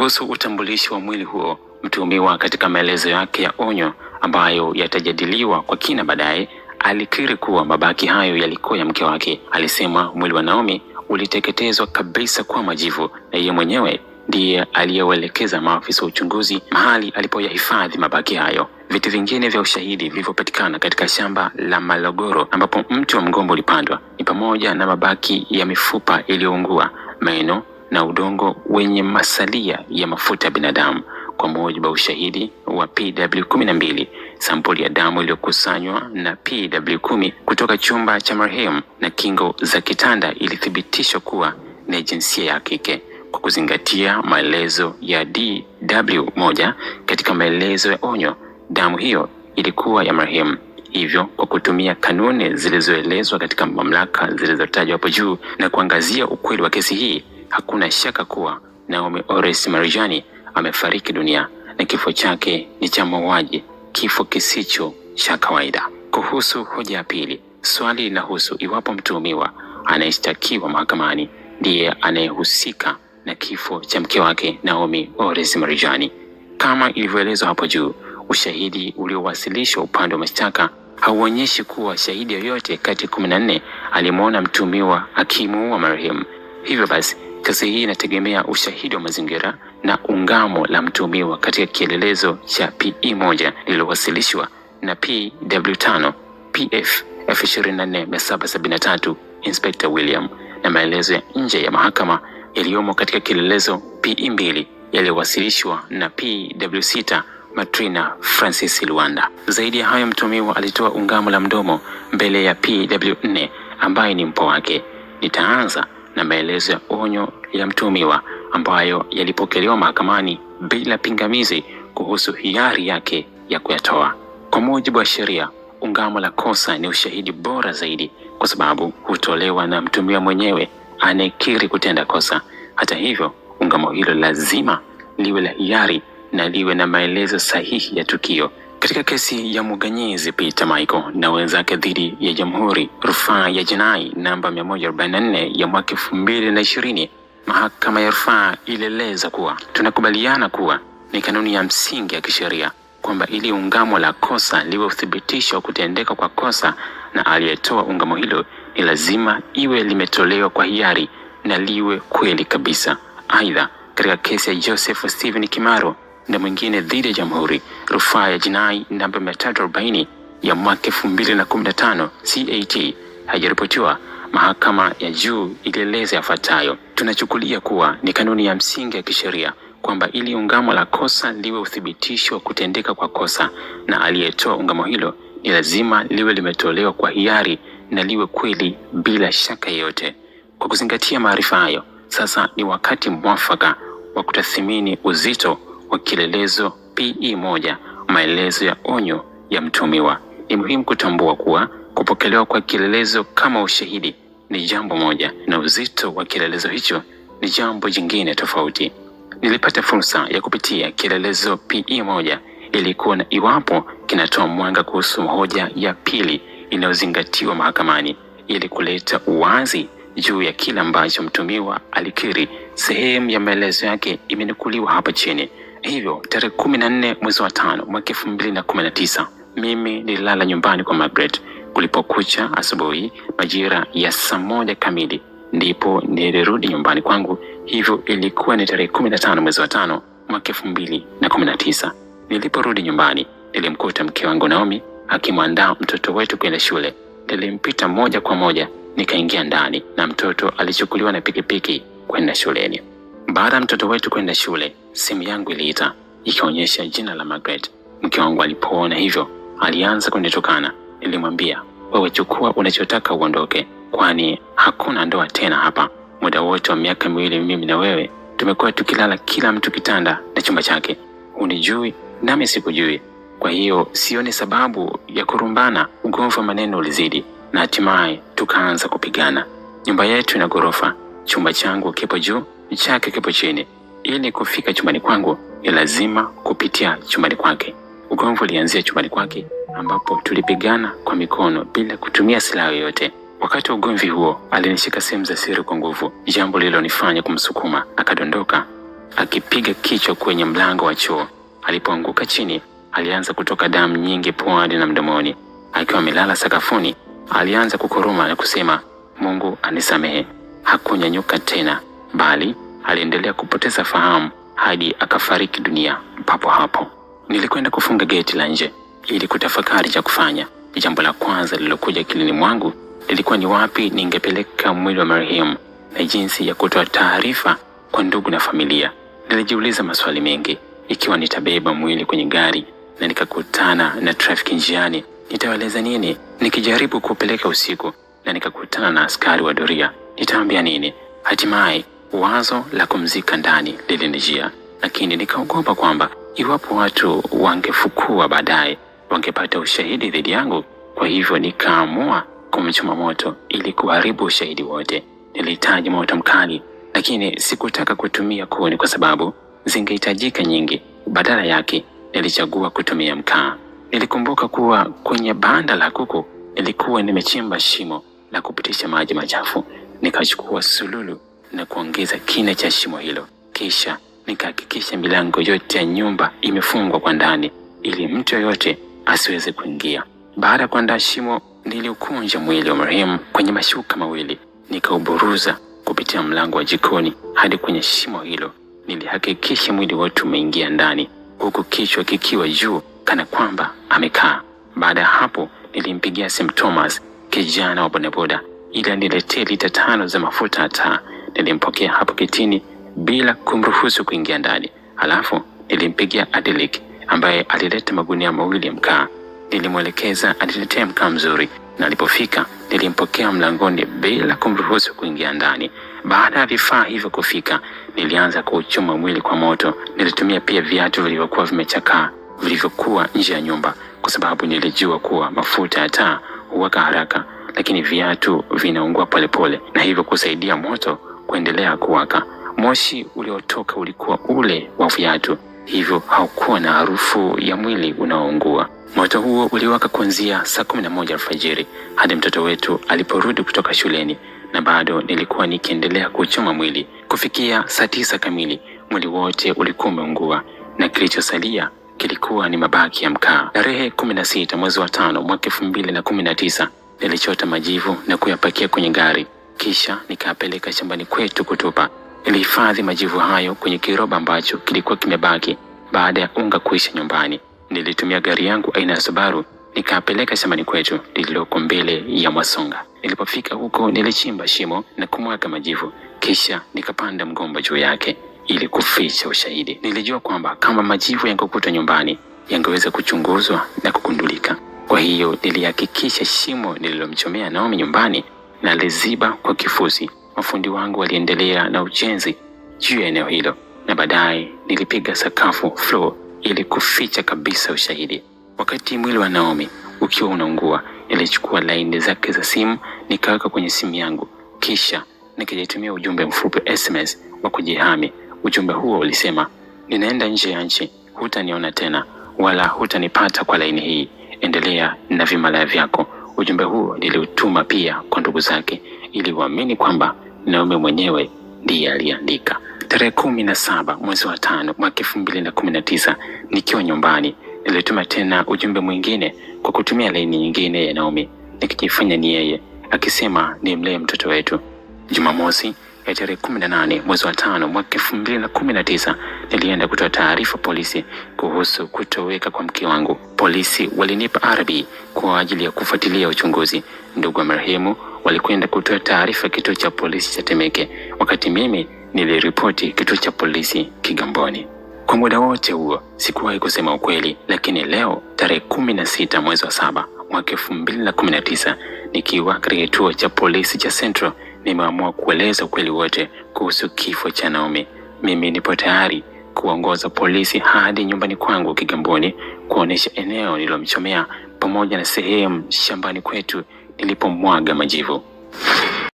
kuhusu utambulishi wa mwili huo mtuhumiwa katika maelezo yake ya onyo ambayo yatajadiliwa kwa kina baadaye, alikiri kuwa mabaki hayo yalikuwa ya mke wake. Alisema mwili wa Naomi uliteketezwa kabisa kwa majivu na yeye mwenyewe ndiye aliyewelekeza maafisa wa uchunguzi mahali alipoyahifadhi mabaki hayo. Vitu vingine vya ushahidi vilivyopatikana katika shamba la Malogoro ambapo mti wa mgombo ulipandwa ni pamoja na mabaki ya mifupa iliyoungua, meno na udongo wenye masalia ya mafuta ya binadamu. Kwa mujibu wa ushahidi wa PW12, sampuli ya damu iliyokusanywa na PW10 kutoka chumba cha marehemu na kingo za kitanda ilithibitishwa kuwa ni jinsia ya kike kwa kuzingatia maelezo ya DW1 katika maelezo ya onyo. Damu hiyo ilikuwa ya marehemu. Hivyo, kwa kutumia kanuni zilizoelezwa katika mamlaka zilizotajwa hapo juu na kuangazia ukweli wa kesi hii, Hakuna shaka kuwa Naomi Ores Marjani amefariki dunia na kifo chake ni cha mauaji, kifo kisicho cha kawaida. Kuhusu hoja ya pili, swali linahusu iwapo mtuhumiwa anayeshtakiwa mahakamani ndiye anayehusika na kifo cha mke wake Naomi Ores Marjani. Kama ilivyoelezwa hapo juu, ushahidi uliowasilishwa upande wa mashtaka hauonyeshi kuwa shahidi yoyote kati ya kumi na nne alimwona mtuhumiwa akimuua marehemu. Hivyo basi Kazi hii inategemea ushahidi wa mazingira na ungamo la mtuhumiwa katika kielelezo cha PE moja lililowasilishwa na PW5 PF 24773 Inspector William na maelezo ya nje ya mahakama yaliyomo katika kielelezo PE mbili yaliyowasilishwa na PW6 Matrina Francis Luanda. Zaidi ya hayo, mtuhumiwa alitoa ungamo la mdomo mbele ya PW4 ambaye ni mpo wake. Nitaanza na maelezo ya onyo ya mtuhumiwa ambayo yalipokelewa mahakamani bila pingamizi kuhusu hiari yake ya kuyatoa. Kwa mujibu wa sheria, ungamo la kosa ni ushahidi bora zaidi kwa sababu hutolewa na mtuhumiwa mwenyewe anayekiri kutenda kosa. Hata hivyo, ungamo hilo lazima liwe la hiari na liwe na maelezo sahihi ya tukio katika kesi ya muganyezi Peter Michael na wenzake dhidi ya Jamhuri Rufaa ya Jinai namba 144 ya mwaka na ishirini mahakama ya rufaa ilieleza kuwa tunakubaliana kuwa ni kanuni ya msingi ya kisheria kwamba ili ungamo la kosa liwe uthibitisho wa kutendeka kwa kosa na aliyetoa ungamo hilo ni lazima iwe limetolewa kwa hiari na liwe kweli kabisa. Aidha, katika kesi ya Joseph Steven Kimaro na mwingine dhidi ya jamhuri, rufaa ya jinai namba arobaini ya mwaka tano CAT haijaripotiwa, mahakama ya juu ilieleza yafuatayo: tunachukulia kuwa ni kanuni ya msingi ya kisheria kwamba ili ungamo la kosa liwe uthibitisho wa kutendeka kwa kosa, na aliyetoa ungamo hilo ni lazima liwe limetolewa kwa hiari na liwe kweli bila shaka yoyote. Kwa kuzingatia maarifa hayo, sasa ni wakati mwafaka wa kutathimini uzito wa kielelezo PE1, maelezo ya onyo ya mtumiwa. Ni muhimu kutambua kuwa kupokelewa kwa kielelezo kama ushahidi ni jambo moja na uzito wa kielelezo hicho ni jambo jingine tofauti. Nilipata fursa ya kupitia kielelezo PE1 ili kuona iwapo kinatoa mwanga kuhusu hoja ya pili inayozingatiwa mahakamani ili kuleta uwazi juu ya kile ambacho mtumiwa alikiri. Sehemu ya maelezo yake imenukuliwa hapa chini. Hivyo tarehe kumi na nne mwezi wa tano mwaka elfu mbili na kumi na tisa mimi nililala nyumbani kwa Margaret. Kulipokucha asubuhi majira ya saa moja kamili ndipo nilirudi nyumbani kwangu. Hivyo ilikuwa ni tarehe kumi na tano mwezi wa tano mwaka elfu mbili na kumi na tisa. Niliporudi nyumbani nilimkuta mke wangu Naomi akimwandaa mtoto wetu kwenda shule. Nilimpita moja kwa moja nikaingia ndani, na mtoto alichukuliwa na pikipiki kwenda shuleni. Baada ya mtoto wetu kwenda shule, simu yangu iliita ikionyesha jina la Margaret. Mke wangu alipoona hivyo, alianza kunitukana. Nilimwambia, wewe chukua unachotaka uondoke, kwani hakuna ndoa tena hapa. Muda wote wa miaka miwili mimi na wewe tumekuwa tukilala kila mtu kitanda na chumba chake. Unijui nami sikujui, kwa hiyo sioni sababu ya kurumbana. Ugomvi wa maneno ulizidi na hatimaye tukaanza kupigana. Nyumba yetu ina ghorofa, chumba changu kipo juu chake kipo chini. Ili kufika chumbani kwangu ni lazima kupitia chumbani kwake. Ugomvi ulianzia chumbani kwake, ambapo tulipigana kwa mikono bila kutumia silaha yoyote. Wakati wa ugomvi huo, alinishika sehemu za siri kwa nguvu, jambo lililonifanya kumsukuma akadondoka akipiga kichwa kwenye mlango wa choo. Alipoanguka chini, alianza kutoka damu nyingi puani na mdomoni. Akiwa amelala sakafuni, alianza kukoroma na kusema, Mungu anisamehe. Hakunyanyuka tena bali aliendelea kupoteza fahamu hadi akafariki dunia papo hapo. Nilikwenda kufunga geti la nje ili kutafakari cha kufanya. Jambo la kwanza lililokuja akilini mwangu lilikuwa ni wapi ningepeleka mwili wa marehemu na jinsi ya kutoa taarifa kwa ndugu na familia. Nilijiuliza maswali mengi, ikiwa nitabeba mwili kwenye gari na nikakutana na trafiki njiani, nitawaeleza nini? Nikijaribu kupeleka usiku na nikakutana na askari wa doria, nitaambia nini? Hatimaye Wazo la kumzika ndani lilinijia, lakini nikaogopa kwamba iwapo watu wangefukua baadaye wangepata ushahidi dhidi yangu. Kwa hivyo nikaamua kumchoma moto ili kuharibu ushahidi wote. Nilihitaji moto mkali, lakini sikutaka kutumia kuni kwa sababu zingehitajika nyingi. Badala yake nilichagua kutumia mkaa. Nilikumbuka kuwa kwenye banda la kuku nilikuwa nimechimba shimo la kupitisha maji machafu. Nikachukua sululu na kuongeza kina cha shimo hilo, kisha nikahakikisha milango yote ya nyumba imefungwa kwa ndani ili mtu yoyote asiweze kuingia. Baada ya kuandaa shimo, niliukunja mwili wa marehemu kwenye mashuka mawili, nikauburuza kupitia mlango wa jikoni hadi kwenye shimo hilo. Nilihakikisha mwili wote umeingia ndani, huku kichwa kikiwa juu kana kwamba amekaa. Baada ya hapo, nilimpigia St Thomas, kijana wa bodaboda, ili aniletee lita tano za mafuta ya taa nilimpokea hapo kitini bila kumruhusu kuingia ndani. Halafu nilimpigia Adilik ambaye alileta magunia mawili ya mkaa. Nilimwelekeza aniletee mkaa mzuri, na alipofika nilimpokea mlangoni bila kumruhusu kuingia ndani. Baada ya vifaa hivyo kufika, nilianza kuuchoma mwili kwa moto. Nilitumia pia viatu vilivyokuwa vimechakaa vilivyokuwa nje ya nyumba, kwa sababu nilijua kuwa mafuta ya taa huwaka haraka, lakini viatu vinaungua polepole na hivyo kusaidia moto kuendelea kuwaka. Moshi uliotoka ulikuwa ule wa viatu, hivyo haukuwa na harufu ya mwili unaoungua. Moto huo uliwaka kuanzia saa kumi na moja alfajiri hadi mtoto wetu aliporudi kutoka shuleni, na bado nilikuwa nikiendelea kuchoma mwili. Kufikia saa tisa kamili, mwili wote ulikuwa umeungua na kilichosalia kilikuwa ni mabaki ya mkaa. Tarehe kumi na sita mwezi wa tano mwaka elfu mbili na kumi na tisa nilichota majivu na kuyapakia kwenye gari kisha nikapeleka shambani kwetu kutupa. Nilihifadhi majivu hayo kwenye kiroba ambacho kilikuwa kimebaki baada ya unga kuisha nyumbani. Nilitumia gari yangu aina ya Subaru nikapeleka shambani kwetu lililoko mbele ya Mwasonga. Nilipofika huko, nilichimba shimo na kumwaga majivu, kisha nikapanda mgomba juu yake ili kuficha ushahidi. Nilijua kwamba kama majivu yangekutwa nyumbani yangeweza kuchunguzwa na kugundulika. Kwa hiyo nilihakikisha shimo nililomchomea Naomi nyumbani na liziba kwa kifusi. Mafundi wangu waliendelea na ujenzi juu ya eneo hilo, na baadaye nilipiga sakafu floor ili kuficha kabisa ushahidi. Wakati mwili wa Naomi ukiwa unaungua, nilichukua laini zake za simu nikaweka kwenye simu yangu, kisha nikajaitumia ujumbe mfupi SMS wa kujihami. Ujumbe huo ulisema, ninaenda nje ya nchi, hutaniona tena wala hutanipata kwa laini hii. Endelea na vimalaya vyako. Ujumbe huu niliutuma pia kwa ndugu zake ili waamini kwamba Naomi mwenyewe ndiye aliandika. Tarehe kumi na saba mwezi wa tano mwaka elfu mbili na kumi na tisa nikiwa nyumbani, nilituma tena ujumbe mwingine kwa kutumia laini nyingine ya Naomi nikijifanya ni yeye, akisema nimlee mtoto wetu Jumamosi ya tarehe kumi na nane mwezi wa tano mwaka elfu mbili na na kumi tisa nilienda kutoa taarifa polisi kuhusu kutoweka kwa mke wangu. Polisi walinipa arabi kwa ajili ya kufuatilia uchunguzi. Ndugu wa marehemu walikwenda kutoa taarifa kituo cha polisi cha Temeke, wakati mimi niliripoti kituo cha polisi Kigamboni. Kwa muda wote huo sikuwahi kusema ukweli, lakini leo tarehe kumi na sita mwezi wa saba mwaka elfu mbili na na kumi tisa nikiwa katika kituo cha polisi cha Central nimeamua kueleza ukweli wote kuhusu kifo cha Naomi. Mimi nipo tayari kuongoza polisi hadi nyumbani kwangu Kigamboni, kuonesha eneo nililomchomea pamoja na sehemu shambani kwetu nilipomwaga majivu.